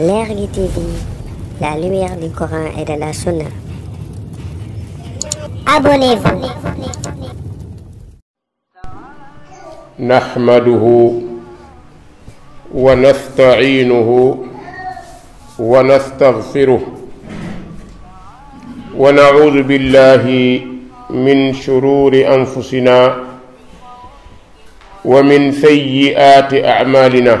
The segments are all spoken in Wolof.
L'Ergue TV, la lumière du Coran et de la Sunna. Abonnez-vous. نحمده ونستعينه ونستغفره ونعوذ بالله من شرور أنفسنا ومن سيئات أعمالنا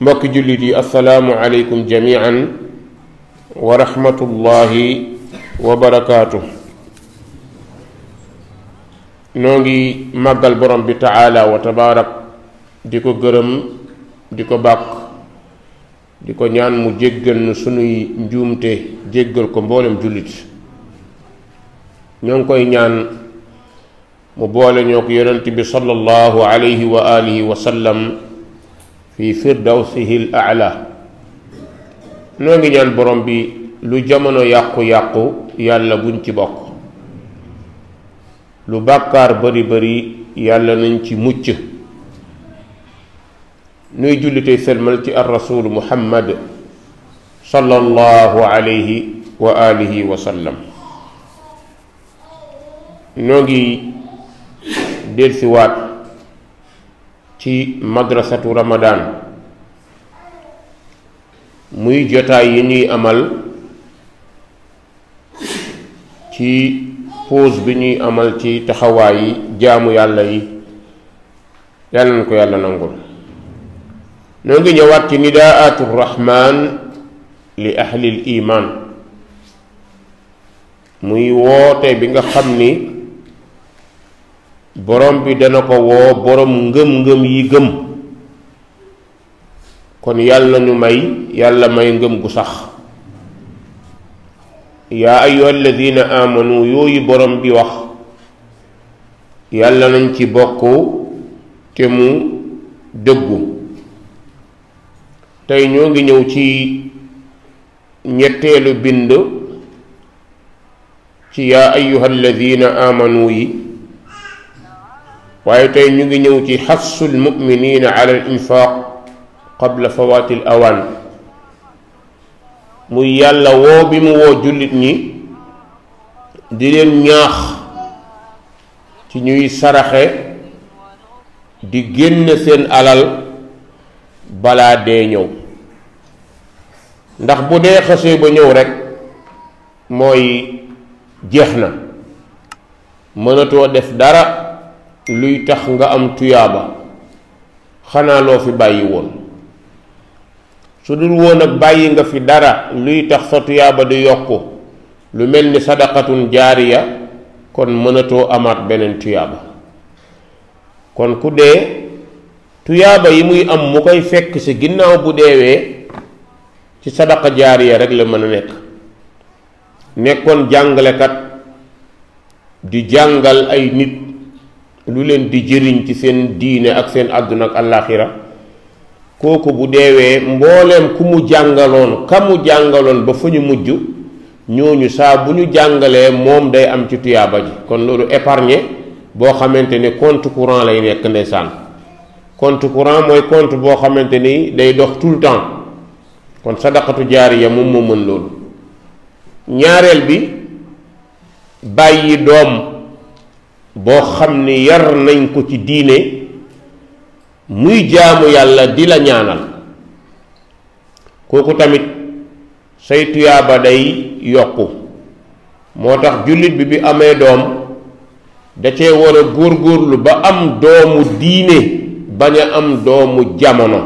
مك جلدي السلام عليكم جميعا ورحمة الله وبركاته نوغي مغل برم بتعالى وتبارك ديكو غرم ديكو باك ديكو نيان مو جيغل نو سوني نجومتي جلد نيان كوي نيان مبولم يوك يرنتي بصلى الله عليه وآله وسلم وآله وسلم fi firdawsihi al a'la noo ngi ñaan borom bi lu jamono yàqu-yàqu yàlla buñ ci bokk lu bàkkaar bari bari yàlla nañ ci mucc nuy jullitey selmal ci ar rasul muhammad sallallahu alayhi wa alihi wa sallam noo ngi delsiwaat ci madrasatu ramadan muy jotaay yi ñuy amal ci pause bi ñuy amal ci taxawaay yi jaamu yàlla yi yàlla na ko yàlla nangul noo ngi ñëwaat ci nidaatu rahman li ahlil iman muy woote bi nga xam ni borom bi dana ko woo borom ngëm-ngëm yi gëm kon yàlla ñu may yàlla may ngëm gu sax yaa ayyuha alladina amanu yooyu borom bi wax yàlla nañ ci bokk te mu dëggu tey ñoo ngi ñëw ci ñetteelu bind ci yaa ayyuha alladina amanu yi waye tay ñu ngi ñëw ci hasul muminina ala al infaq qabla fawaati al awan mu yàlla wo bi mu wo julit ñi di leen ñaax ci ñuy saraxe di génn sen alal bala de ñëw ndax bu de xasse ba ñëw rek moy jeexna mënato def dara luy tax nga am tuyaaba xanaa loo fi bàyyi woon su dul woon ak bàyyi nga fi dara luy tax sa tuyaaba di yokku lu mel ni sadaqatun jaariya kon mënatoo amaat beneen tuyaaba kon ku dee tuyaaba yi muy am mu koy fekk si ginnaaw bu deewee ci sadaqa jaariya rek la mën a nekk nekkoon jàngalekat di jàngal ay nit lu leen di jëriñ ci seen diine ak seen àdduna ak àllaaxira kooku bu deewee mbooleem ku mu jàngaloon ka mu jàngaloon ba fa ñu mujj ñooñu saa bu ñu jàngalee moom day am ci tuyaaba ji kon loolu épargne boo xamante ni compte courant lay nekk ndeysaan compte courant mooy compte boo xamante ni day dox tout le temps kon sadaqatu jaariya moom moo mën loolu ñaareel bi bàyyi doom boo xam ni yar nañ ko ci diine muy jaamu yàlla di la ñaanal kooku tamit say tuyaaba day yokku moo tax jullit bi bi amee doom dace cee góor góorlu ba am doomu diine bañ a am doomu jamono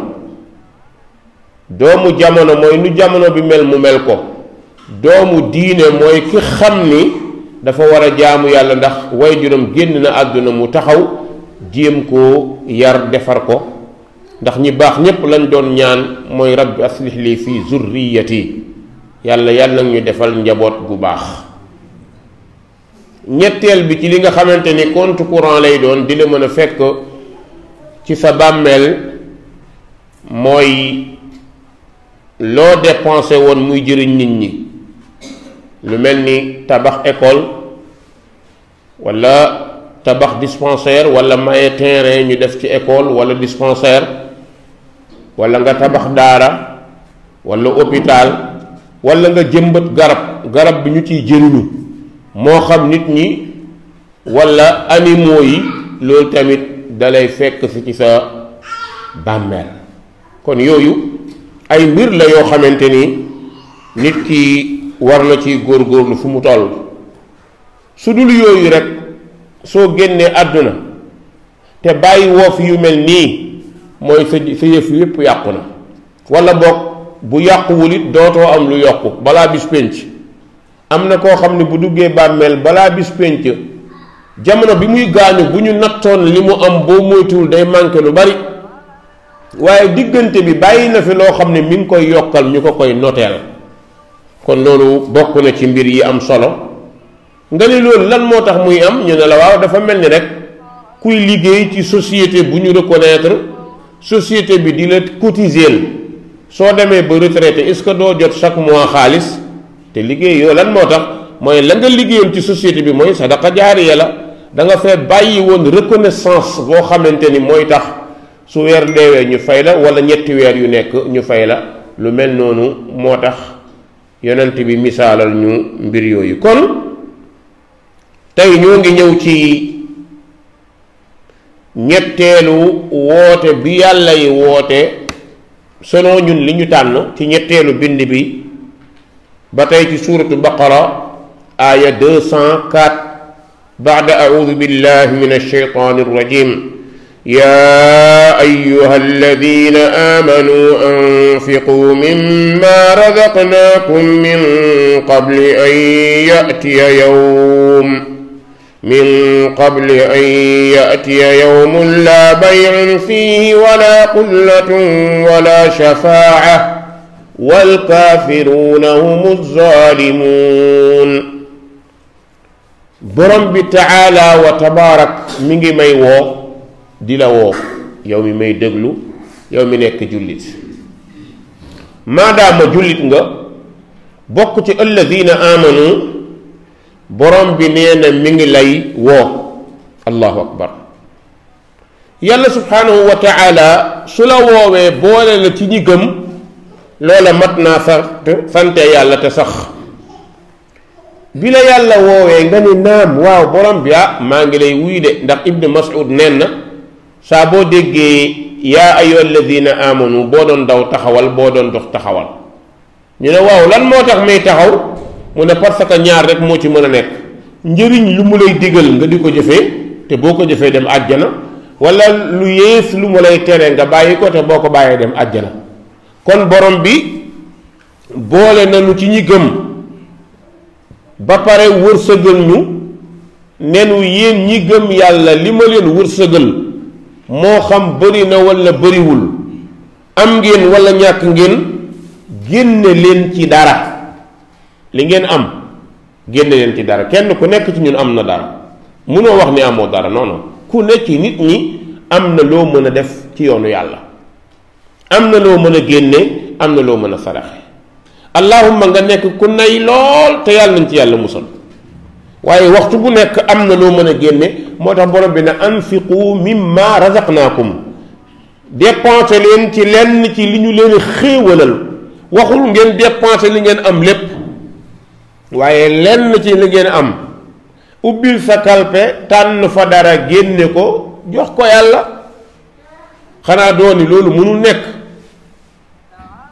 doomu jamono mooy nu jamono bi mel mu mel ko doomu diine mooy ki xam ni dafa war a jaamu yàlla ndax way juróom génn na àdduna mu taxaw jéem koo yar defar ko ndax ñi baax ñépp lañ doon ñaan mooy rabbi aslih li fi zurriyati yàlla yàlla ñu defal njaboot gu baax ñetteel bi ci li nga xamante ni compte courant lay doon di la mën a fekk ci sa bàmmeel mooy loo dépensé woon muy jëriñ nit ñi lu mel ni tabax école wala tabax dispensaire wala maye terrain ñu def ci école wala dispensaire wala nga tabax daara wala hôpital wala nga jëmbat garab garab bi ñu ciy jëriñu moo xam nit ñi wala animaux yi loolu tamit dalay fekk fi ci sa bàmmeel kon yooyu ay mbir la yoo xamante ni nit ki war na góor góorlu fu mu toll su dul yooyu rek soo génnee àdduna te bàyyi woof yu mel nii mooy sa sa yëf yépp yàqu na walla boog bu yàquwul it dootoo am lu yokk balaa bis pénc am na koo xam ne bu duggee bàmmeel balaa bis pénc jamono bi muy gaañu bu ñu nattoon li mu am boo moytuwul day manqué lu bari waaye diggante bi bàyyi na fi loo xam ne mi ngi koy yokkal ñu ko koy noteel kon loolu bokk na ci mbir yi am solo nga ni loolu lan moo tax muy am ñu ne la waaw dafa mel ni rek kuy liggéey ci société bu ñu reconnaître société bi di la cotiser soo demee ba retraité est-ce que doo jot chaque mois xaalis te liggéey yoo lan moo tax mooy la nga liggéeyoon ci société bi mooy jaar jaariya la danga nga bàyyi woon reconnaissance boo xamante ni mooy tax su weer deewee ñu fay la wala ñetti weer yu nekk ñu fay la lu mel noonu moo tax. yonent bi misaalal ñu mbir yooyu kon tey ñoo ngi ñëw ci ñetteelu woote bi yàlla yi woote selon ñun li ñu tànn ci ñetteelu bind bi ba tey ci suuratu baqara aaya 204 baada audu billahi min alsheytaani rrajim يا ايها الذين امنوا انفقوا مما رزقناكم من قبل ان ياتي يوم من قبل ان ياتي يوم لا بيع فيه ولا قله ولا شفاعه والكافرون هم الظالمون برم تعالى وتبارك من ميوه di la woo yow mi may déglu yow mi nekk jullit maadaama jullit nga bokk ci alladina amanu borom bi nee na mi ngi lay woo allahu akbar yàlla subhanahu wa taala su la woowee boole la ci ñi gëm loola mat naa sant sante yàlla te sax bi la yàlla woowee nga ni naam waaw borom bi ah maa ngi lay wuy de ndax ibnu masud neen na saa boo déggee yaa ayyuha alladina amanu boo doon daw taxawal boo doon dox taxawal ñu ne waaw lan moo tax may taxaw mu ne parce que ñaar rek moo ci mën a nekk njëriñ lu mu lay digal nga di ko jëfee te boo ko jëfee dem àjjana walla lu yées lu mu lay tere nga bàyyi ko te boo ko bàyyee dem àjjana kon borom bi boole na nañu ci ñi gëm ba pare wërsëgal ñu nenu yéen ñi gëm yàlla li ma leen wërsëgal moo xam bëri na wala bëriwul am ngeen wala ñàkk ngeen génne leen ci dara li ngeen am génne leen ci dara kenn ku nekk ci ñun am na dara munoo wax ni amoo dara non non ku nekk ci nit ñi am na loo mën a def ci yoonu yàlla am na loo mën a génne am na loo mën a saraxe allahumma nga nekk ku nay lool te yàlla nañ ci yàlla musal waaye waxtu bu nekk am na loo mën a génne moo tax borom bi ne anfiqu mimma razaqnaakum dépensé leen ci lenn ci li ñu leen xéewalal waxul ngeen dépensé li ngeen am lépp waaye lenn ci li ngeen am ubbil sa kalpe tànn fa dara génne ko jox ko yàlla xanaa yi loolu mënul nekk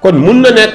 kon mun na nekk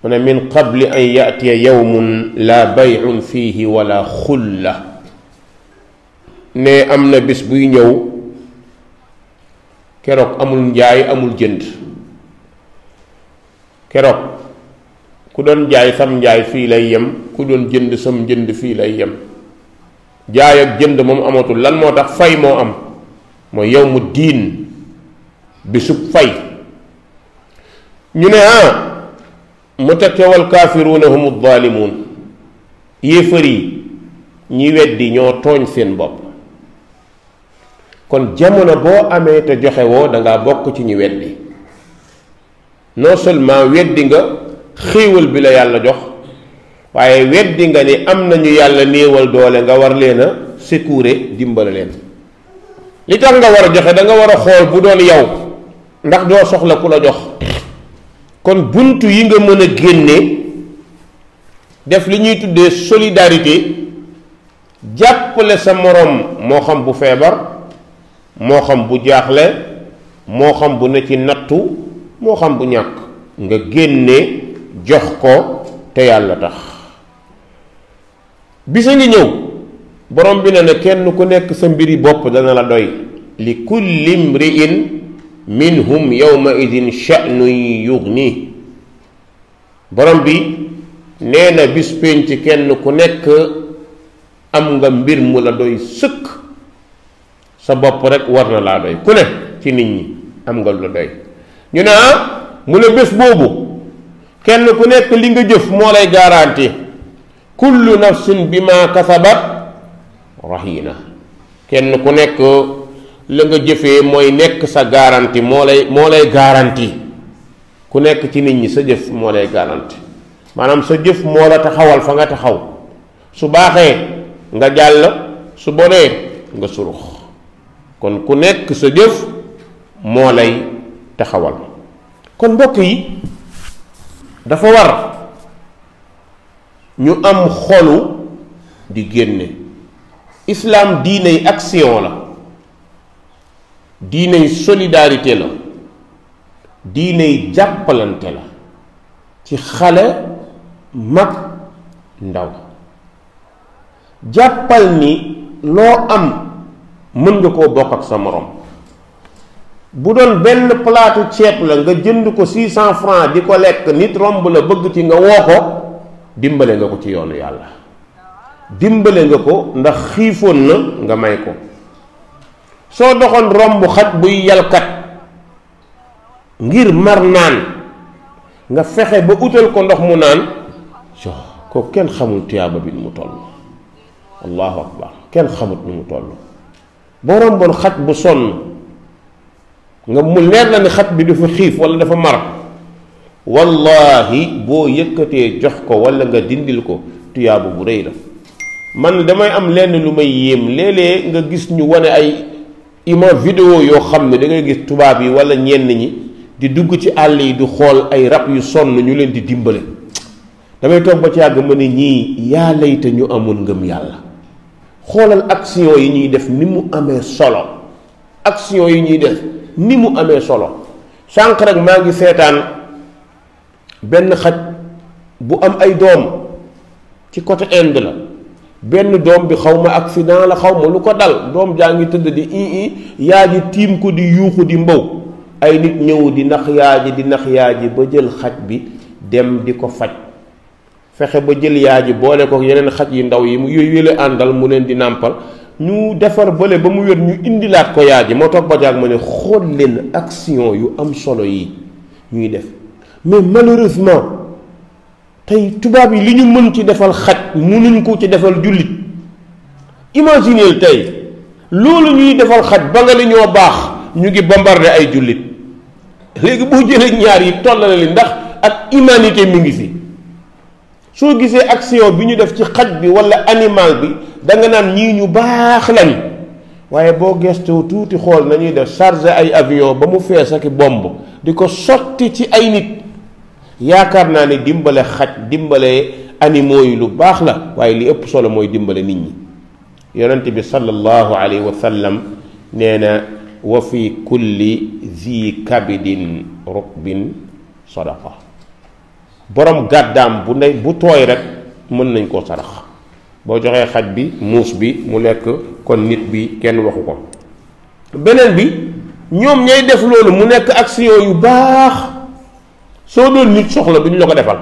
من من قبل أن يأتي يوم لا بيع فيه ولا خلة ني أمنا بس بي نيو كروك أمول جاي أمول جند كروك كدون جاي سم جاي في ليم كدون جند سم جند في ليم جاي جند مم أموتو لن موتا فاي مو أم مو يوم الدين بسوك فاي ني mutake walkafiruna هم الظالمون يفري ني ودي ñoo tooñ seen bopp kon jamono boo amee te joxe woo da ngaa bokk ci ñi weddi non seulement weddi nga xéewal bi la yàlla jox waaye weddi nga ni amna ñu yàlla néewal doole nga war leena a sécuré dimbale leen li tax nga war joxe da nga war a xool bu doon yow ndax doo soxla ku la jox kon bunt yi nga mën a génne def li ñuy tuddee solidarité jàppale sa moroom moo xam bu feebar moo xam bu jaaxle moo xam bu ne ci nattu moo xam bu ñàkk nga génne jox ko te yàlla tax bis a ngi ñëw borom bi ne na kenn ku nekk sa mbiri bopp dana la doy li kulli mri'in منهم يومئذ شأن يغنيه برمبي نينا بسبين تكن كنك أم غمبير ملدوي سك سبب برك ورنا لدي كنه تنيني أم غلدوي ينا ملو بس بوبو كن كنك لينج جف مولاي جارانتي كل نفس بما كسبت رهينة كن كنك la nga jëfee mooy nekk sa garanti moo lay moo lay garanti ku nekk ci nit ñi sa jëf moo lay garanti maanaam sa jëf moo la taxawal fa nga taxaw su baaxee nga jàll su bonee nga surux kon ku nekk sa jëf moo lay taxawal kon mbokk yi dafa war ñu am xolu di génne islam diine action la diiney solidarité la diiney jàppalante la ci xale mag ndaw jàppal ni loo am mën nga koo bokk ak sama morom bu doon benn palaatu ceeb la nga jënd ko 600 francs di ko lekk nit romb la bëgg ci nga woo ko dimbale nga ko ci yoonu yàlla dimbale nga ko ndax xiifoon na nga may ko soo doxoon romb xaj buy yalkat ngir mar naan nga fexe ba utal ko ndox mu naan so ko ken xamul tiyaba bi mu toll allahu akbar ken xamut nu mu toll boo romboon xaj bu son nga mu leer la ni xaj bi dafa xiif wala dafa mar wallahi bo yëkkatee jox ko wala nga dindil ko tiyaba bu reey la man damay am lenn lu may yéem nga gis ñu wone ay ima vidéo yoo xam ne da ngay gis tubaab yi wala ñenn ñi di dugg ci àll yi du xool ay rab yu sonn ñu leen di dimbale damay toog ba ci àgg ma ne ñii yaa layte ñu amul ngëm yàlla xoolal action yi ñuy def ni mu amee solo aksiyon yi ñuy def ni mu amee solo sànq rek maa ngi seetaan benn xaj bu am ay doom ci côté Inde la benn doom bi xawma ma accident la xawma lu ko dal doom jaa ngi tëdd di ii i yaa ji tiim ko di yuuxu di mbaw ay nit ñëw di nax yaa ji di nax yaa ji ba jël xaj bi dem di ko faj fexe ba jël yaa ji boole ko yeneen xaj yi ndaw yi mu yooyu yële àndal mu leen di nàmpal ñu defar bële ba mu wér ñu indilaat ko yaa ji moo toog ba jaag ma ne xool leen action yu am solo yi ñuy def mais malheureusement tey tubaab yi li ñu mën ci defal xaj nag munuñ ko ci defal jullit imagineel tey loolu ñuy defal xaj ba nga li ñoo baax ñu ngi bombardé ay jullit léegi boo jëlee ñaar yi tollale li ndax ak humanité mi ngi si soo gisee action bi ñu def ci xaj bi walla animal bi danga naan ñii ñu baax lañ waaye boo gestoo tuuti xool nañuy def chargé ay avion ba mu fees ak bomb di ko sotti ci ay nit yaakaar naa ne dimbale xaj dimbale animaux lu bax la waye li ëpp solo moy dimbale nit ñi yonent bi sallallahu alayhi wa sallam neena wa fi kulli zi kabidin rukbin sadaqa borom gaddam bu ne bu toy rek mën nañ ko sarax bo joxe xaj bi mous bi mu lek kon nit bi kenn waxu ko beneen bi ñom ñay def lolu mu nek action yu bax so do nit soxla duñ la ko defal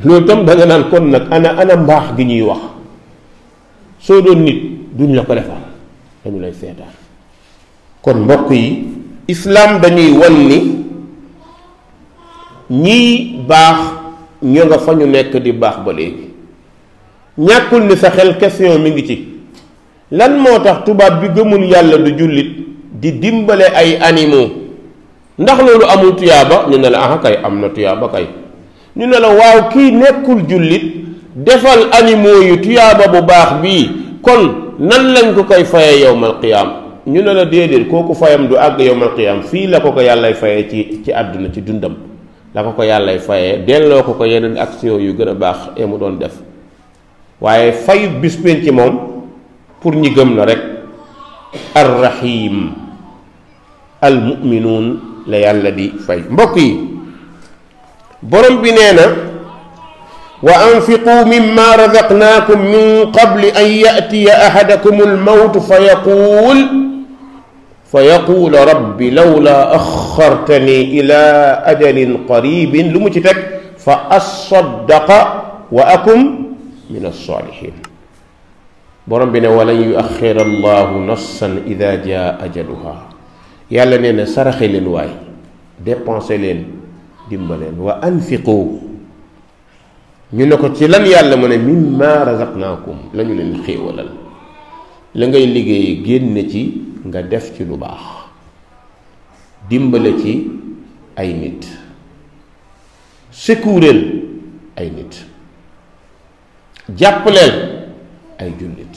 loolu tam da nga naan kon nag ana ana mbaax gi ñuy wax soo doon nit duñ la ko defal dañu lay seetaan kon mbokk yi islaam dañuy wan ni ñiy baax ñu nga fa ñu nekk di baax ba léegi ñàkkul ni sa xel question mi ngi ci lan moo tax tubaab bi gëmul yàlla du jullit di dimbale ay animaux ndax loolu amul tuyaaba ñu ne la ah kay am na tuyaaba kay ñu ne la waaw kii nekkul jullit defal animaux yu tuyaaba bu baax bii kon nan lañ ko koy faye yowmal qiyaam ñu ne la déedéet kooku fayam du àgg yowmal qiyaam fii la ko ko yàllay faye ci ci àdduna ci dundam la ko ko yàllay faye delloo ko ko yeneen action yu gën a baax e mu doon def waaye fayu bis ci moom pour ñi gëm la rek arrahim almuminuun la yàlla di fay mbokk yi برم بنينا وأنفقوا مما رزقناكم من قبل أن يأتي أحدكم الموت فيقول فيقول رب لولا أخرتني إلى أجل قريب لمجتك فأصدق وأكم من الصالحين برم بنا ولن يؤخر الله نصا إذا جاء أجلها يا لنا سرخ للواي depenser dimbaleen wa anfiqu ñu ne ko ci lan yàlla mu ne mimma razaqnakum la ñu leen xéewalal la ngay liggéey génn ci nga def ci lu baax dimbale ci ay nit secoureel ay nit jàppaleel ay jullit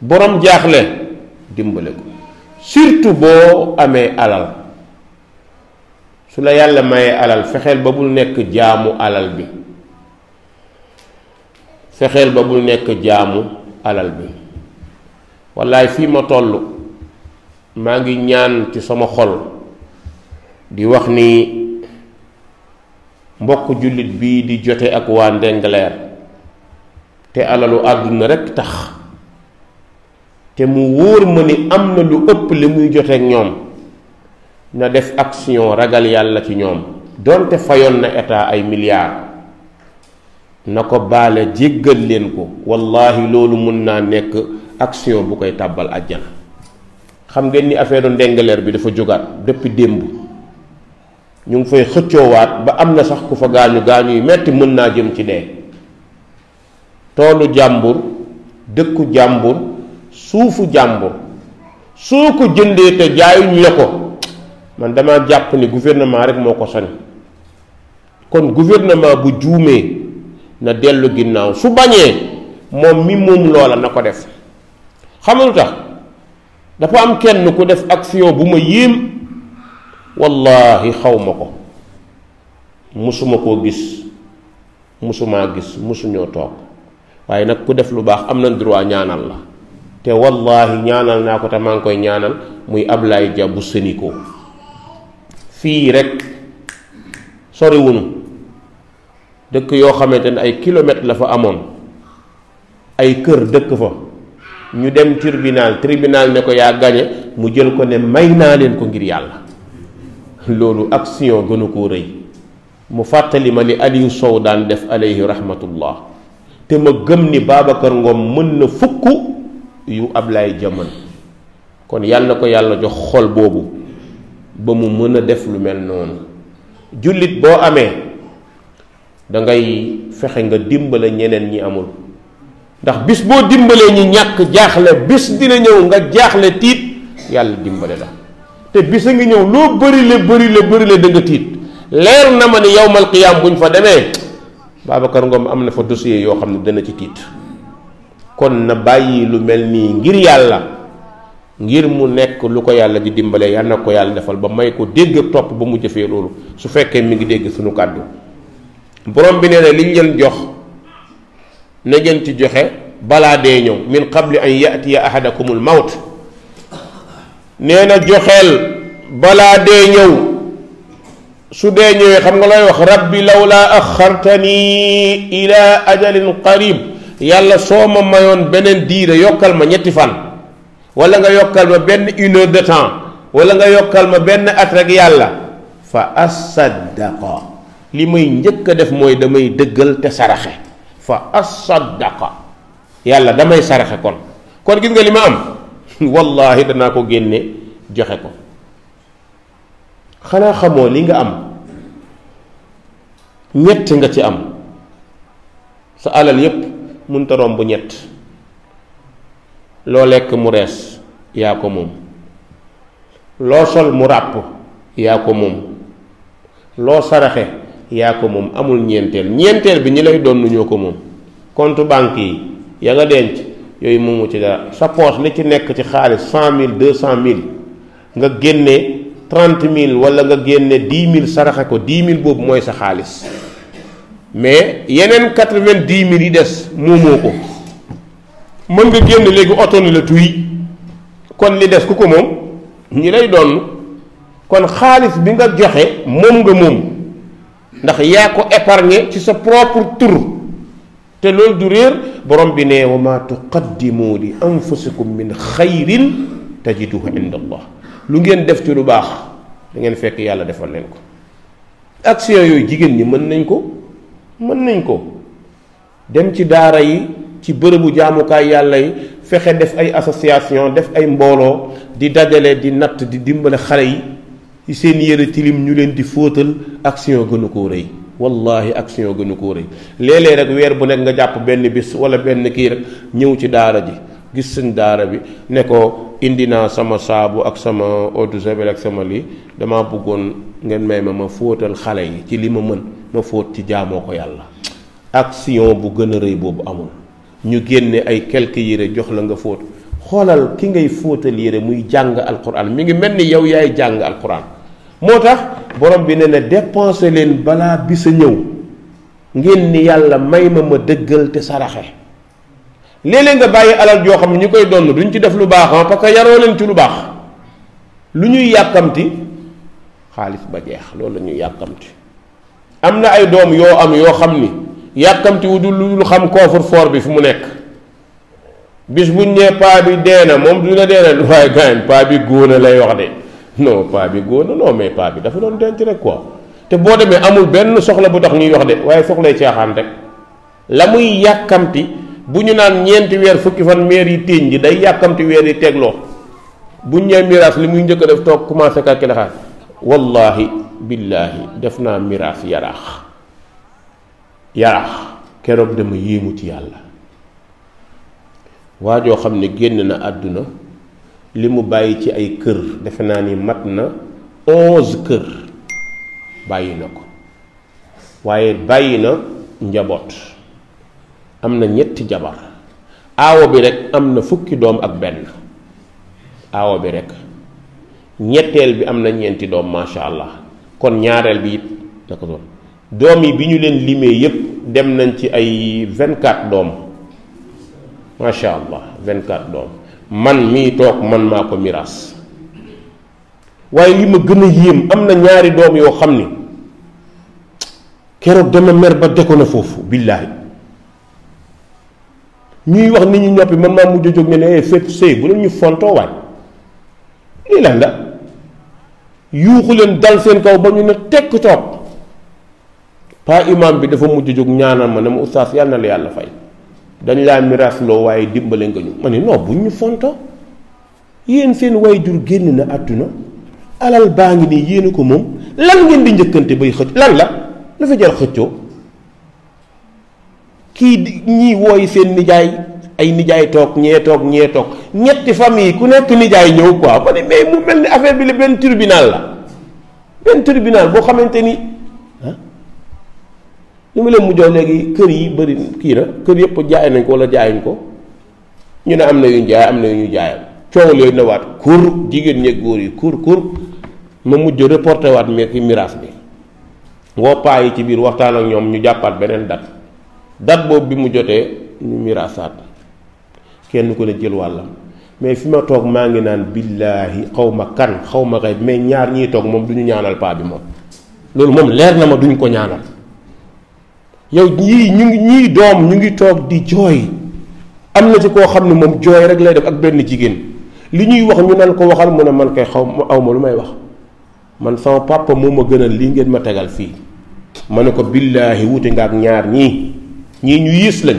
borom jaaxle dimbale ko surtout boo amee alal su la yàlla mayee alal fexeel ba bul nekk jaamu alal bi fexeel ba nekk jaamu alal bi wallaay fii ma toll maa ngi ñaan ci sama xol di wax ni mbokk jullit bii di jote ak waa Ndingler te alalu àdduna rekk tax te mu wóor ma ni am na lu ëpp li muy jote ñoom na def action ragal yàlla ci ñoom donte fayoon na état ay milliards na ko baale jéggal leen ko wallahi loolu mën naa nekk action bu koy tàbbal àjjana xam ngeen ni affaire ndengaleer bi dafa jógaat dëpp démb ñu ngi fay xëccoowaat ba am na sax ku fa gaañu gaañu yu metti mën naa jëm ci dee toolu jàmbur dëkku jàmbur suufu jàmbur soo ko jëndee te jaayuñu la ko man dama jàpp ni gouvernement rek moo ko sañ kon gouvernement bu juumee na dellu ginnaaw su bañee moom mi moom loola na ko def xamalu tax dafa am kenn ku def ak action bu ma yéem wallahi xaw ma ko musuma koo gis musumaa gis musuñoo toog waaye nag ku def lu baax am na droit ñaanal la te wallahi ñaanal naa ko te maa ngi koy ñaanal muy Ablaye Dia bu Sénico fii rekk soriwuñu dëkk yoo xamante ne ay kilomètres la fa amoon ay kër dëkk fa ñu dem tribunal tribunal ne ko yaa gañe mu jël ko ne may naa leen ko ngir yàlla loolu action gënu koo rëy mu fàttali ma li Aliou Sow daan def alayhi rahmatullah te ma gëm ni Babacar ngoom mën na fukk yu Ablaye Jaman kon yàlla ko yàlla jox xol boobu ba mu mën a def lu mel noonu jullit boo amee da ngay fexe nga dimbale ñeneen ñi amul ndax bis boo dimbalee ñi ñàkk jaaxle bis dina ñëw nga jaaxle tiit yàlla dimbale la te bis a ngi ñëw loo bërile bërile bërile da nga tiit leer na ma ne yowmal qiyaam buñ fa demee Babacar Ngom am na fa dossier yoo xam ne dana ci tiit kon na bàyyi lu mel nii ngir yàlla ngir mu nekk lu ko yàlla di dimbale yàlla na ko yàlla defal ba may ko dégg topp ba mu jëfee loolu su fekkee mi ngi dégg suñu kàddu borom bi nee na liñ leen jox na ngeen ci joxe balaa dee ñëw min qabli an yatiya ahadakumul mawt nee na joxeel balaa dee ñëw su dee ñëwee xam nga lay wax rabbi lawlaa axartani ila ajalin qarib yàlla soo ma mayoon beneen diire yokkal ma ñetti fan wala nga yokkal ma benn une heure de temps wala nga yokkal ma benn at yàlla fa asaddaqa li may njëkk a def mooy damay dëggal te saraxe fa asaddaqa yàlla damay saraxe kon kon gis nga li ma am wallaahi danaa ko génne joxe ko xanaa xamoo li nga am ñett nga ci am sa alal yépp mënta romb ñett lo lek mu res ya ko mom lo sol mu rap ya ko mom lo saraxé ya ko mom amul ñentel ñentel bi ñi lay doon ñoo ko mom compte banque yi ya nga denc yoy mu mu ci da sa poche li ci nek ci xaaliss 100000 200000 nga génné 30000 wala nga génné 10000 saraxé ko 10000 bobu moy sa xaaliss mais yenen 90000 yi dess momoko mën nga génn léegi oto ni la tuy kon li des ku ko moom ñi lay doon kon xaalis bi nga joxe moom nga moom ndax yaa ko épargné ci sa propre tur te loolu du réer borom bi ne wa ma tuqaddimu li anfusikum min xayrin tajiduhu ind allah lu ngeen def ci lu baax da ngeen fekk yàlla defal leen ko action yooyu jigéen ñi mën nañ ko mën nañ ko dem ci daara yi ci bërëbu jaamukaay yàlla yi fexe def ay association def ay mbooloo di dajale di natt di dimbale xale yi ci seen yére tilim ñu leen di fóotal action gënu koo rëy wallahi action gënu koo rëy léeg-léeg rek weer bu nekk nga jàpp benn bis wala benn kii rek ñëw ci daara ji gis seen daara bi ne ko indi naa sama saabu ak sama eau de ak sama lii dama bëggoon ngeen may ma ma fóotal xale yi ci li ma mën ma fóot ci jaamoo ko yàlla action bu gën a rëy boobu amul ñu génne ay quelques yére jox la nga fóot xoolal ki ngay fóotal yére muy jàng alquran mi ngi mel ni yow yaay jàng alquran moo tax borom bi ne na dépensé leen balaa bi sa ñëw ngeen ni yàlla may ma ma dëggal te saraxe léeg nga bàyyi alal joo xam ne ñu koy donn duñ ci def lu baax ah, parce que yaroo leen ci lu baax lu ñuy yàkkamti xaalis ba jeex loolu la ñuy yàkkamti am na ay doom yoo am yoo xam ni yàkkamti wu dul xam koofur foor bi fu mu nekk bis bu ñee paa bi dee na moom du la dee na waaye gaañ paa bi góona lay wax de non paa bi góona non mais paa bi dafa doon denc rek quoi te boo demee amul benn soxla bu tax ñuy wax de waaye soxlay caaxaan rek la muy yàkkamti bu ñu naan ñeenti weer fukki fan meer yi téeñ ji day yàkkamti weer yi tegloo bu ñee miraas li muy njëkk def toog commencé calculer xaar wallahi billahi def naa miraas yaraax yaraax keroog dama yéemu ci yàlla waa joo xam ne génn na àdduna li mu bàyyi ci ay kër defe naa ni mat na onze kër bàyyi na ko waaye bàyyi na njaboot am na ñetti jabar aawo bi rekk am na fukki doom ak benn aawo bi rekk ñetteel bi am na ñeenti doom macha allah kon ñaareel bi it doom yi bi ñu leen limee yépp dem nañ ci ay 24 dom ma sha allah 24 dom man mi tok man mako mirage waye li ma gëna yim amna ñaari dom yo xamni kéro keroog dama mer ba deko na fofu billahi ñuy wax ni ñi ñopi man ma mu jóg ne ne fépp sëy bu ñu fonto waay lii lan la yu xulen dal seen kaw ba ñu ne tek tok pas imam bi dafa mujj jóg ñaanal ma ne ma oustaz yàlla na la yàlla fay dañ laa miraas loo waaye dimbale nga ñu ma ne non buñ ñu fonto yéen seen wayjur génn na àdduna alal baa ngi nii yéen ko moom lan ngeen di njëkkante bay xëcc lan la lu fi jar xëccoo kii di ñii wooy seen nijaay ay nijaay toog ñee toog ñee toog ñetti famille ku nekk nijaay ñëw quoi ba mais mu mel ni affaire bi la benn tribunal la benn tribunal boo xamante ni. ñu ngi leen mujjoo léegi kër yi bëri kii na kër yëpp jaay nañ ko wala jaayuñ ko ñu ne am na yu ñu jaay am na yu ñu jaay coow yooyu na waat kur jigéen ñeeg góor yi kur kur ma mujj reporté waat mekki miraas bi woo paa yi ci biir waxtaan ak ñoom ñu jàppaat beneen dat dat boobu bi mu jotee ñu miraasaat kenn ku ne jël wàllam mais fi ma toog maa ngi naan billaahi xaw ma kan xaw ma kay mais ñaar ñiy toog moom du ñu ñaanal paa bi moom loolu moom leer na ma duñ ko ñaanal yow ñii ñu ngi ñii doom ñu ngi toog di jooy am na ci koo xam ne moom jooy rek lay dem ak benn jigéen li ñuy wax ñu nan ko waxal mu ne man koy xaw ma aw ma lu may wax man sama papa moo ma gënal lii ngeen ma tegal fii ma ne ko billaahi wuti nga ak ñaar ñii ñii ñu yiis lañ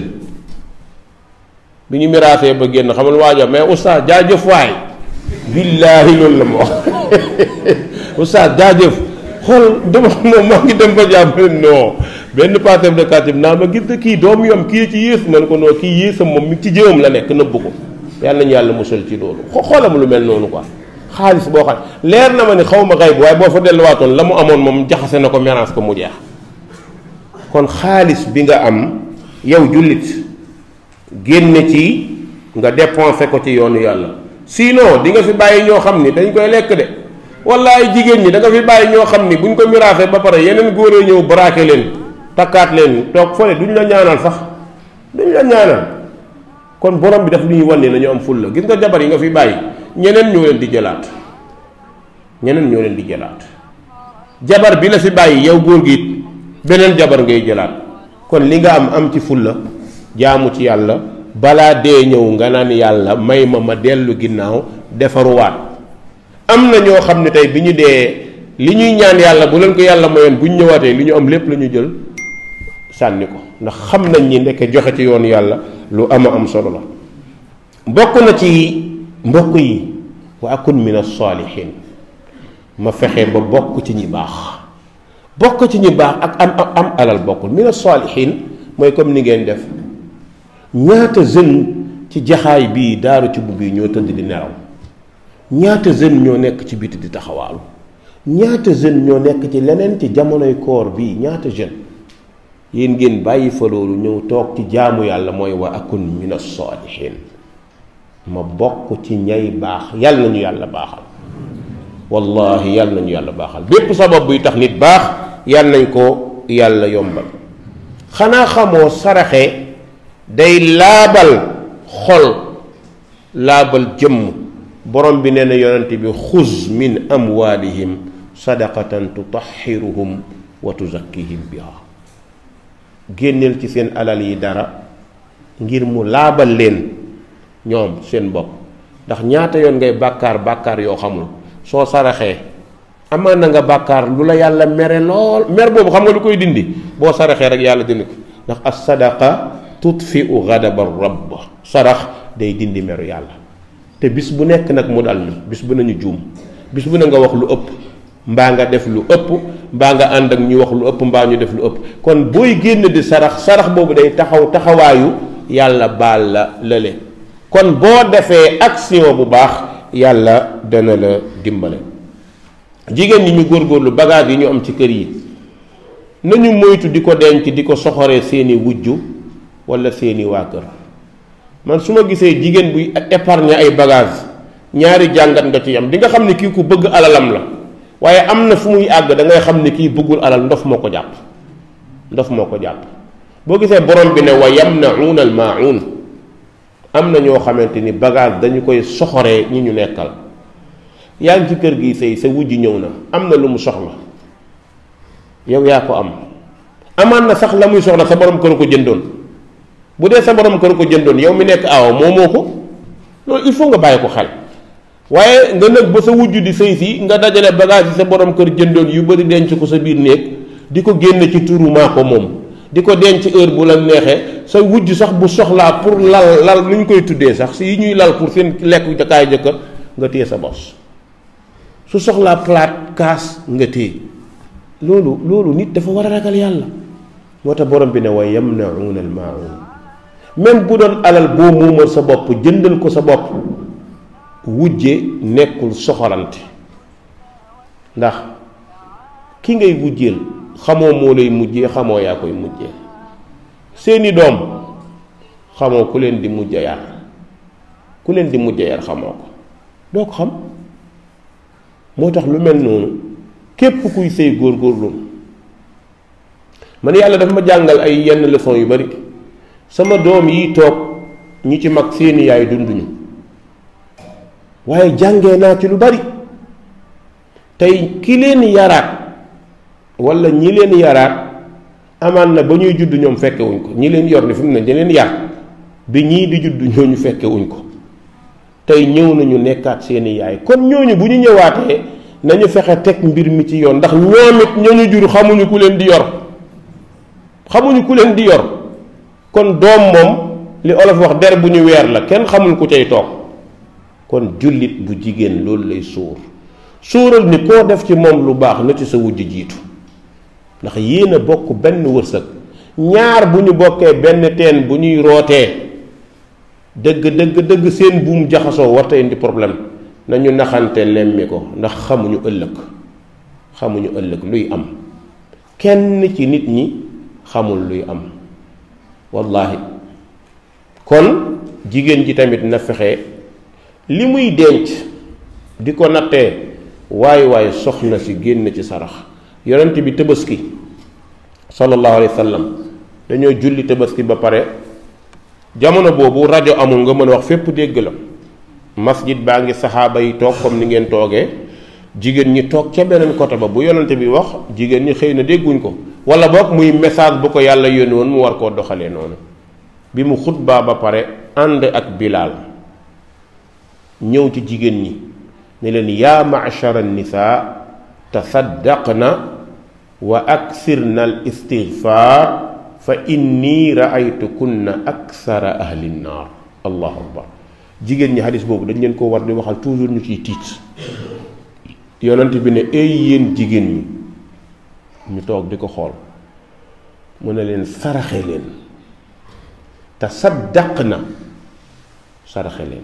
bi ñu miraasee ba génn xamal waajo mais oustaz jaajëf waay billaahi loolu la ma wax oustaz jaajëf xool dama moom maa ngi dem ba jàpp non benn partem de quartier bi naa ma gis ne kii doomu yom kii ci man ko noo kii yéesam moom mi ci jëwam la nekk nëbb ko yàlla nañu yàlla musal ci loolu xoolam lu mel noonu quoi xaalis boo xam leer na ma ne xaw ma xayb waaye boo fa delluwaatoon la mu amoon moom jaxase na ko mélange ko mu jeex kon xaalis bi nga am yow jullit génne ci nga dépensé ko ci yoonu yàlla sinon di nga fi bàyyi ñoo xam ni dañ koy lekk de wallaay jigéen ñi danga nga fi bàyyi ñoo xam ni buñ ko miraasee ba pare yeneen góor ñëw braqué leen takkaat leen toog fële duñ la ñaanal sax duñ la ñaanal kon borom bi daf ñuy wanne nañu am la gis nga jabar yi nga fi bàyyi ñeneen ñoo leen di jëlaat ñeneen ñoo leen di jëlaat jabar bi la fi bàyyi yow góor gi beneen jabar ngay jëlaat kon li nga am am ci la jaamu ci yàlla balaa dee ñëw nga naan yàlla may ma ma dellu ginnaaw defaruwaat am na ñoo xam ne tey bi ñu dee li ñuy ñaan yàlla bu leen ko yàlla mayoon bu ñëwaatee li ñu am lépp la jël sànni ko ndax xam nañ ñi ndekk joxe ci yoonu yàlla lu ama am solo la bokk na ci mbokk yi wa akun min as-salihin ma fexe ba bokk ci ñi baax bokk ci ñi baax ak am am alal bokkul min as-salihin mooy comme ni ngeen def ñaata jeune ci jaxaay bii daaru ci bugg yi ñoo tëdd di nelaw ñaata jeune ñoo nekk ci biti di taxawaalu ñaata jeune ñoo nekk ci leneen ci jamonoy koor bii ñaata jeune yéen ngeen bàyyi fa loolu ñëw toog ci jaamu yàlla mooy wa akun min as-salihin ma bokk ci ñay baax yàlla nañu yàlla baaxal wallahi yàlla nañu yàlla baaxal bépp sabab buy tax nit baax yàlla nañ ko yàlla yombal xanaa xamoo saraxe day laabal xol laabal jëmm borom bi nee na yonente bi xuz min amwalihim sadaqatan tutahhiruhum wa tuzakkihim biha génneel ci seen alal yi dara ngir mu laabal leen ñoom seen bopp ndax ñaata yoon ngay bàkkaar bàkkaar yoo xamul soo saraxee amaan na nga bàkkaar lu la yàlla mere lool mer boobu xam nga lu koy dindi boo saraxee rek yàlla dindi ko ndax tut sadaqa tutfiu ghadaba rabb sarax day dindi meru yàlla te bis bu nekk nag mu dal bis bu nañu juum bis bu ne nga wax lu ëpp mba nga def lu ëpp mba nga ànd ak ñu wax lu ëpp mba ñu def lu ëpp kon booy génn di sarax sarax boobu day taxaw taxawaayu yàlla baal la lële kon boo defee action bu baax yàlla dana la dimbale jigéen ñi ñu góorgóorlu bagage yi ñu am ci kër yi nañu moytu di ko denc di ko seeni wujju wala seeni waa kër man suma gisee jigéen buy épargne ay bagage ñaari jàngat nga ci yam di nga xam ne ku bëgg alalam la waaye am na fu muy àgg da ngay xam ne kii bëggul alal ndof moo ko ndof moo ko jàpp boo borom bi ne wa yamnauna al maun am na ñoo xamante ni bagage dañu koy soxoree ñi ñu nekkal yaa ngi ci kër gi sëy sa wujj ñëw na am lu mu soxla yow yaa ko am amaan na sax la muy soxla sa borom kër ko jëndoon bu dee sa borom kër ko jëndoon yow mi nekk aaw moomoo ko loolu il faut nga bàyyi xel waaye nga nag ba sa wujj di sëy si nga dajale bagage yi sa borom kër jëndoon yu bëri denc ko sa biir néeg di ko génn ci turu maa ko moom di ko denc heure bu la neexee sa wujj sax bu soxlaa pour lal lal nu koy tuddee sax si ñuy lal pour seen lekk jakaay jëkkër nga téye sa bos su soxlaa plate kaas nga téye loolu loolu nit dafa war a ragal yàlla moo borom bi ne wa yamnauna al maun même bu doon alal boo moomal sa bopp jëndal ko sa bopp wujje nekkul soxorante ndax ki ngay wujjeel xamoo moo lay mujjee xamoo yaa koy mujjee seeni doom xamoo ku leen di mujj yar ku leen di mujj yar xamoo ko doo ko xam moo tax lu mel noonu képp kuy sëy góorgóorlu man yàlla dafa ma jàngal ay yenn leçon yu bari sama doom yi toog ñu ci mag seeni yaay dunduñu waaye jànge naa ci lu bari tey ki leen yaraat wala ñi leen yaraat amaan na ba ñuy judd ñoom fekkewuñ ko ñi leen yor ni fi mu ne ñi leen yar bi ñii di judd ñooñu fekke wuñ ko tey ñëw nañu nekkaat seeni yaay kon ñooñu bu ñu ñëwaatee nañu fexe teg mbir mi ci yoon ndax ñoom it ñooñu jur xamuñu ku leen di yor xamuñu ku leen di yor kon doom moom li olof wax der bu ñu weer la kenn xamul ku cay toog kon jullit bu jigéen loolu lay suur suural ni koo def ci moom lu baax na ci sa wujj jiitu ndax yéen a bokk benn wërsëg ñaar bu ñu bokkee benn teen bu ñuy rootee dëgg dëgg dëgg seen buum jaxasoo warta indi problème nañu naxante lemmi ko ndax xamuñu ëllëg xamuñu ëllëg luy am kenn ci nit ñi xamul luy am wallahi kon jigéen ji tamit na fexe li muy denc di ko nattee waay waay soxna si génn ci sarax yonent bi tabaski sallallahu alayhi wa sallam dañoo julli tabaski ba pare jamono boobu rajo amul nga mën a wax fépp dégg la masjid baa ngi saxaaba yi toog comme ni ngeen toogee jigéen ñi toog ca beneen côté ba bu yonante bi wax jigéen ñi xëy na dégguñ ko wala boog muy message bu ko yàlla yónni mu war koo doxalee noonu bi mu xutbaa ba pare ànd ak bilaal ñëw ci jigen ñi ne len ya yaa an nisa tasaddaqna wa aksirna al istighfar fa inni raaytukunna aksara ahli an-nar allah akbar jigen ñi hadith bobu dañ leen ko war di waxal toujours ñu ci tit yonent bi ne ay yéen jigen ñi ñu tok diko xol mu ne len saraxe leen tasaddaqna saraxe leen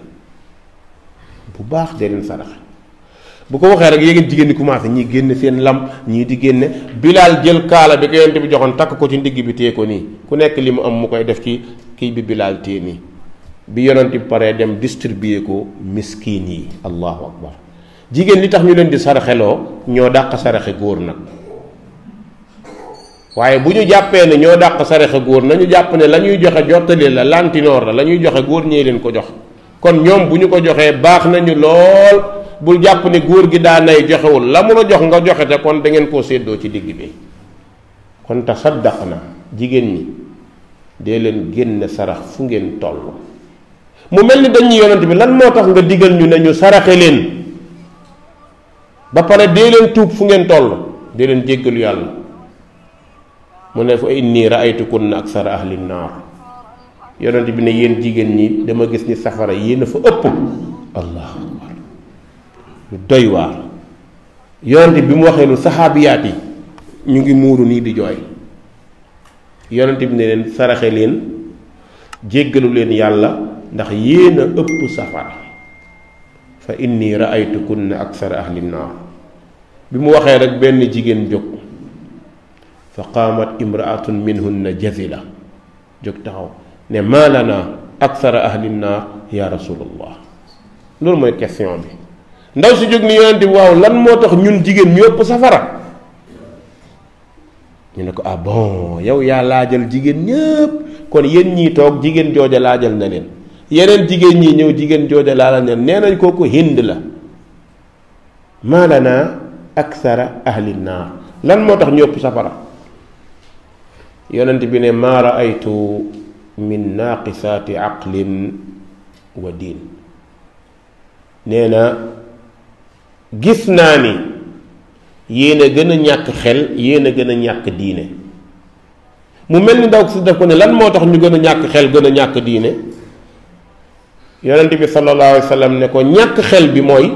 bu baax dee leen sarax bu ko waxee rek yéegeen jigéen di commencé ñii génn seen lam ñii di génne bilaal jël kaala bi ko yonent bi joxoon takk ko ci ndigg bi téye ko nii ku nekk li mu am mu koy def ci kii bi bilaal téye nii bi yonent bi paree dem distribuer ko miskin yi allahu akbar jigéen li tax ñu leen di saraxeloo ñoo dàq saraxe góor nag waaye bu ñu jàppee ne ñoo dàq saraxe góor nañu jàpp ne la ñuy joxe jottali la lantinoor la la ñuy joxe góor ñee leen ko jox kon ñom buñu ko joxee bax nañu lool bul japp ni goor gi da nay joxewul la mu la jox nga joxe te kon da ngeen ko seddo ci digg bi kon tasaddaq na jigéen ñi dee leen sarax fu ngeen tollu mu melni ni ñu yonent bi lan mo tax nga digal ñu ne ñu saraxe leen ba pare de len tuup fu ngeen toll yalla mu ne fa inni raaytukunna aksara ahli an-nar yonent bi ne yéen jigéen ñi dama gis ni safara yéen a fa ëpp allahu akbar lu doy waar yonent bi mu waxee lu saxaabiyaat yi ñu ngi muuru nii di jooy yonent bi ne leen saraxe leen jéggalu leen yàlla ndax yéen a ëpp safara fa inni raaytu kunna aksara ahli naar bi mu waxee rek benn jigéen jóg fa qaamat imraatun minhunna jazila jóg taxaw ne maalana akthara ahli nnaar ya rasulullah loolu mooy question bi ndaw si jóg ni yonent bi waaw lan moo tax ñun jigéen ñu safara ñu ne ko ah yow yaa laajal jigéen ñëpp kon yéen ñii toog jigéen jooja laajal na leen yeneen jigéen ñi ñëw jigéen jooja laajal na leen nee nañ kooku hind la maalana akthara ahli nnaar lan moo tax ñu safara yonent bi ne maa raaytu min naaqisaati aqlin wa diin nee na gis naa ni yéen a gën a ñàkk xel yéen a gën a ñàkk diine mu mel ni ndaw si def ko ne lan moo tax ñu gën a ñàkk xel gën a ñàkk diine yonent bi sallallahu alayhi wa ne ko ñàkk xel bi mooy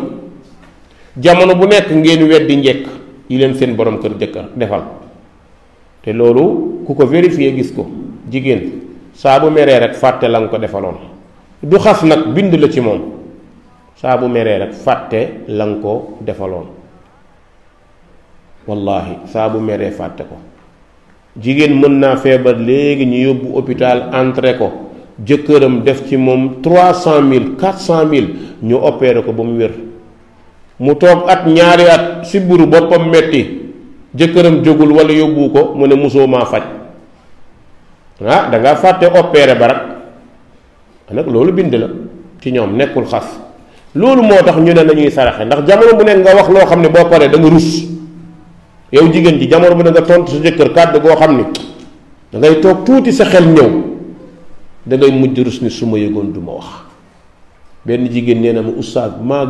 jamono bu nekk ngeen weddi njëkk yi leen seen borom kër jëkkër defal te loolu ku ko vérifier gis ko jigéen saa bu meree rek fàtte la nga ko defaloon du xas nag bind la ci moom saa bu meree rek fàtte la ko defaloon wallahi saa bu meree fàtte ko jigéen mën naa feebar léegi ñu yóbbu hôpital entré ko jëkkëram def ci moom trois cent mille quatre cent mille ñu opéré ko ba mu wér mu toog at ñaari at si boppam metti jëkkëram jógul walla yóbbu ko mu ne musoo maa faj ah da nga faté opéré barak nak lolu bind la ci ñom nekul xass lolu motax ñu ne nañuy saraxé ndax jamono bu nekk nga wax lo xam bo paré da nga rus yow jigen ji jamono bu ne nga tontu su jëkkër kàddu go xamni da ngay tok tuuti sa xel ñew da ngay mujj rus ni suma yegon duma du ben wax benn jigéen nee ma oustaz maa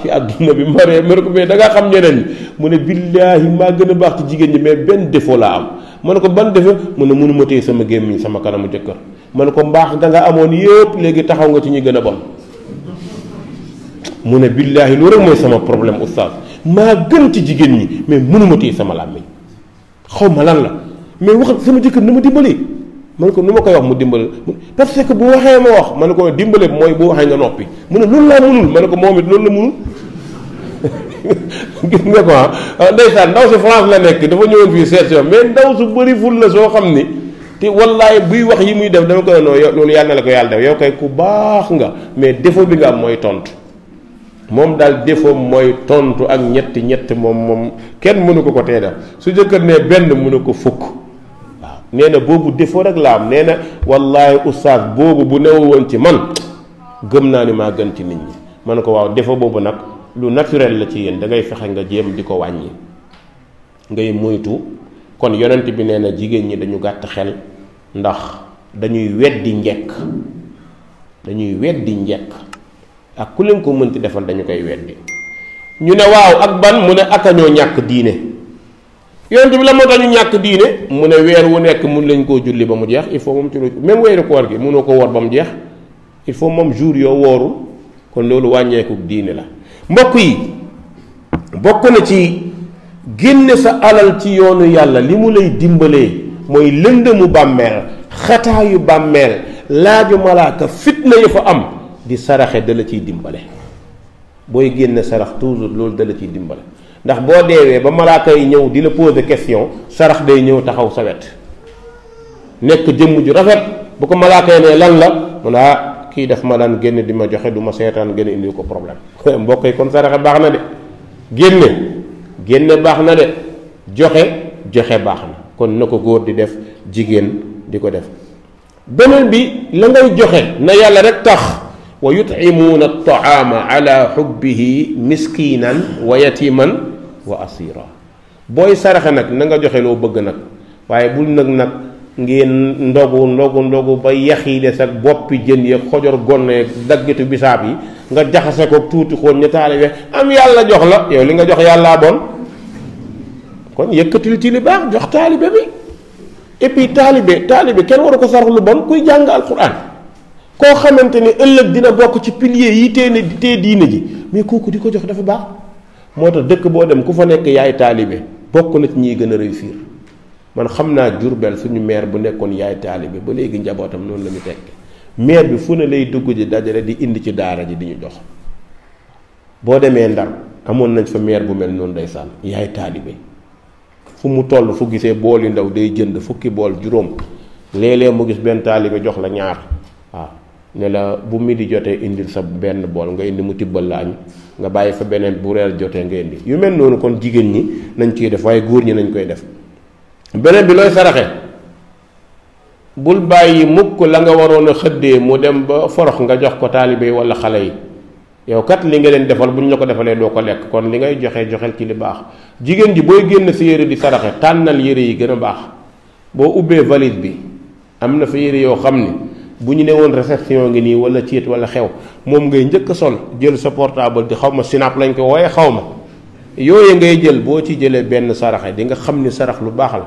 ci aduna bi maree ma ko da nga xam ñeneen mu ne billahi ma gëna bax ci jigen ji mais ben défaut la am ma ne ko ban defe mu ne mënuma téye sama gémmiñ sama kanamu jëkkër ma ne ko mbaax da nga amoon yëpp léegi taxaw nga ci ñi gën a bon mu ne billaahi loolu rek mooy sama problème oustaz maa gën ci jigéen ñi mais mënuma téye sama làmmiñ xaw ma lan la mais wax sama jëkkër ni mu dimbali ma ne ko nu ma koy wax mu dimbali parce que bu waxee ma wax ma ne ko dimbali mooy bu waxee nga noppi mu ne loolu laa mënul ma ne ko moom it loolu la mënul gis nga ko ah ndeysaan ndaw si France la nekk dafa ñëwoon fii seet mais ndaw su bëri ful la soo xam ni te wallaay buy wax yi muy def dama ko non yow loolu yàlla na la ko yàlla def yow kay ku baax nga mais defo bi nga am mooy tontu moom daal défaut mooy tontu ak ñett ñett moom moom kenn mënu ko ko tee su jëkkër ne benn mënu ko fukk. nee na boobu défaut rek laa am nee na wallaahi oustaz boobu bu newul woon ci man gëm naa ni maa gën ci nit ñi ma ne ko waaw défaut boobu nag lu naturel la ci yéen da ngay fexe nga jéem di ko wàññi ngay moytu kon yonent bi nee na jigéen ñi dañu gàtt xel ndax dañuy weddi njekk dañuy weddi njekk ak ku leen ko mënti defal dañu koy weddi ñu ne waaw ak ban mu ne ak ñàkk diine yonent bi la moo tax ñu ñàkk diine mu ne weer wu nekk mun lañ koo julli ba mu jeex il faut moom ci lu même weeru koor gi mënoo ko woor ba jeex il faut moom jour yoo wooru kon loolu wàññeeku diine la mbokk yi bokk na ci génne sa alal ci yoonu yàlla li mu lay dimbalee mooy lëndëmu bàmmeel yu bàmmeel laaju malaaka fitna ya fa am di saraxe dala ciy dimbale booy génne sarax toujours loolu dala ciy dimbale ndax boo deewee ba malaakay ñëw di la poser question sarax day ñëw taxaw sawet wet nekk jëmm ju rafet bu ko malaaka yi lan la mun a ah, kii daf ma daan génne di ma joxe du ma seetaan gën a indi ko problème mbokk yi kon saraxe baax na de génne génne baax na de joxe joxe baax na kon na ko góor di def jigéen di ko def beneen bi la ngay joxe na yàlla rek tax wa yutimuna altaama ala xubbihi miskinan wa yatiman wa asira booy saraxe nag na nga joxe loo bëgg nag waaye bul nag nag ngeen ndogu ndogu ndogu ba yax yi des ak boppi jën yeeg xojor gonneeg daggitu bisaab yi nga jaxase ko tuuti xoon ña taale am yàlla jox la yow li nga jox yàllaa bon kon yëkkatil ci baax jox taalibe bi et puis taalibe taalibe kenn waru ko sarax lu bon kuy jàng alquran koo xamante ni ëllëg dina bokk ci pilier yi tee ne tee diine ji mais kooku di ko jox dafa baax moo tax dëkk boo dem ku fa nekk yaay taalibe bokk na ci ñiy gën a réussir man xam naa Diourbel suñu maire bu nekkoon yaay taalibe ba léegi njabootam noonu la ñu tekk maire bi fu ne lay dugg ji dajale di indi ci daara ji di ñu jox boo demee Ndar amoon nañ fa maire bu mel noonu day sànn yaay taalibe fu mu toll fu gisee bool yu ndaw day jënd fukki bool juróom léeg mu gis benn taalibe jox la ñaar waaw ne la bu di jotee indil sa benn bool nga indi mu tibbal la añ nga bàyyi fa beneen bu reer jotee nga indi yu mel noonu kon jigéen ñi nañ ciy def waaye góor ñi nañ koy def beneen bi looy saraxe bul bàyyi mukk la nga waroon a xëddee mu dem ba forox nga jox ko taalibe yi wala xale yi yow kat li nga leen defal bu ñu la ko defalee doo ko lekk kon li ngay joxe joxel ci li baax jigéen ji booy génn si yére di saraxe tànnal yére yi gën a baax boo ubbee valise bi am na fa yére yoo xam ni bu ñu ne woon réception ngi nii wala ciit wala xew moom ngay njëkk a sol jël sa portable di xaw ma sinap lañ ko wooye xaw ma yooyu ngay jël boo ci jëlee benn saraxe di nga xam ni sarax lu baax la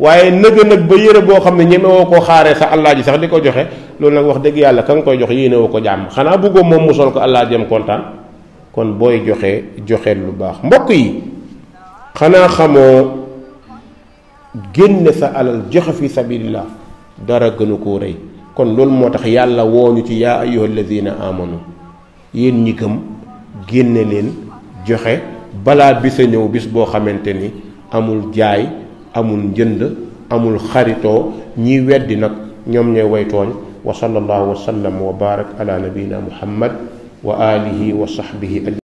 waaye nëgg nag ba yére boo xam ne ñeme woo ko xaaree sa allaaji sax di ko joxe loolu nag wax dëgg yàlla ka nga koy jox yéene woo ko jàmm xanaa bëggoo moom mu sol ko allaajam kontaan kon booy joxe joxe lu baax mbokk yi xanaa xamoo génne sa alal joxe fi sabilillah dara gënu koo rëy kon loolu moo tax yàlla woo ñu ci yaa ayyuha alladina amanu yéen ñi gëm génne leen joxe balaa bisa ñëw bis boo xamante ni amul jaay amul njënd amul xaritoo ñiy weddi nag ñoom ñooy waytooñ wa sallallahu wa sallam wa barak ala nabina muhammad wa alihi wa sahbihi